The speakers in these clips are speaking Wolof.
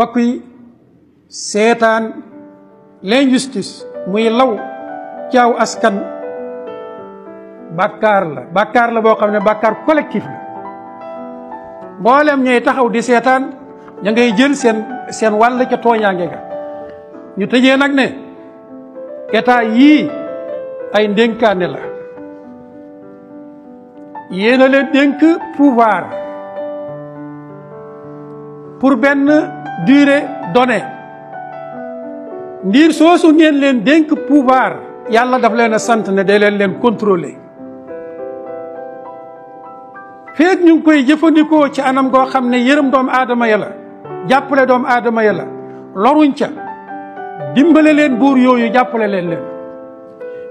mbokk yi seetaan l'injustice muy law caaw askan bàkkaar la bàkkaar la boo xam ne bàkkaar collectif la mboolem ñooy taxaw di seetaan ña ngay jël seen wall wàll ca tooñaange nga ñu tëjee nag ne état yii ay ndénkaane la yéena leen dénk pouvoir pour benn durée donnée ndiir soosu ngeen leen dénk pouvoir yàlla daf leen a sant ne day leen leen contrôler feeg ñu ngi koy jëfandikoo ci anam goo xam ne yërëm doomu aadama ya la jàppale doomu aadama ya la loruñ ca dimbale leen buur yooyu jàppale leen leen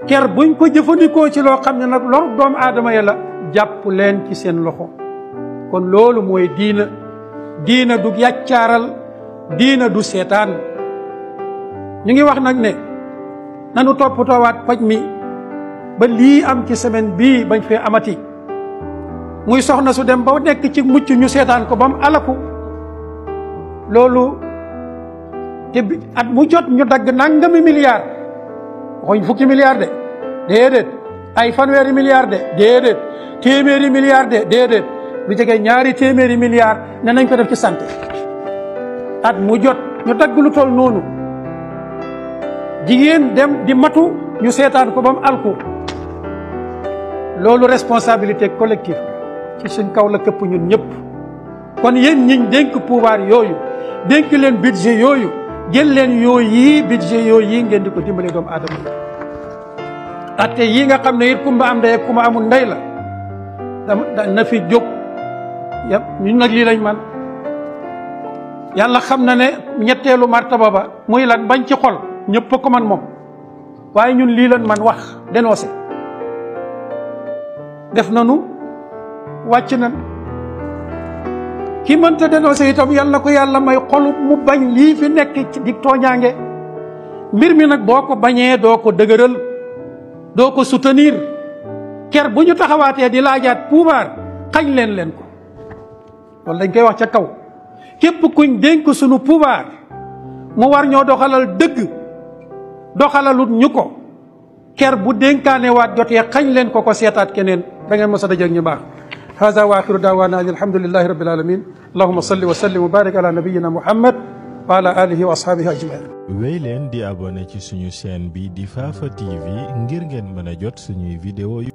ker buñ ko jëfandikoo ci loo xam ne nag lor doomu aadama ya la jàpp leen ci seen loxo kon loolu mooy diina diina du yàccaaral diina du seetaan ñu ngi wax nag ne nanu toppatoowaat paj mi ba lii am ci semaine bii bañ fee amati muy soxna su dem ba nekk ci mucc ñu seetaan ko ba mu alaku loolu te at mu jot ñu dagg nangami milliard waxuñ fukki milliard de déedéet ay fanweeri milliard de déedéet téeméeri de déedéet lu jege ñaari téeméeri milliards ne nañ ko def ci santé at mu jot ñu dagg lu toll noonu jigéen dem di matu ñu seetaan ko ba alku loolu responsabilité collective ci suñ kaw la këpp ñun ñëpp kon yéen ñiñ dénk pouvoir yooyu dénk leen budget yooyu jël leen yooyu yii budget yooyu yii ngeen di ko dimbale doomu aadama yi atte yii nga xam ne it kumba am ndey ak kumba amul ndey la nafi fi jóg yëpp ñun nag lii lañ man yàlla xam na ne ñetteelu martaba ba muy lan bañ ci xol ñëpp ko man moom waaye ñun lii lañ man wax dénoncé def na nu wàcc nan ki mënta dénoncé itam yàlla ko yàlla may xolu mu bañ lii fi nekk ci di tooñaange mbir mi nag boo ko bañee doo ko dëgëral doo ko soutenir ker bu ñu taxawaatee di laajaat puubaar xañ leen leen ko loolu dañ koy wax ca kaw képp kuñ dénk suñu pouvoir mu war ñoo doxalal dëgg doxalalut ñu ko ker bu dénkaane waat jotee xañ leen ko ko seetaat keneen da ngeen mos a dajeeg ñu baax hada wa axiru daawaana an alhamdulillahi rabbil alamin allahuma salli wa sallim wa barik ala nabiyina muhammad wa ala alihi wa ashaabihi ajmain wéy leen di abonné ci suñu chaîne bi di Fafa TV ngir ngeen mën a jot suñuy vidéo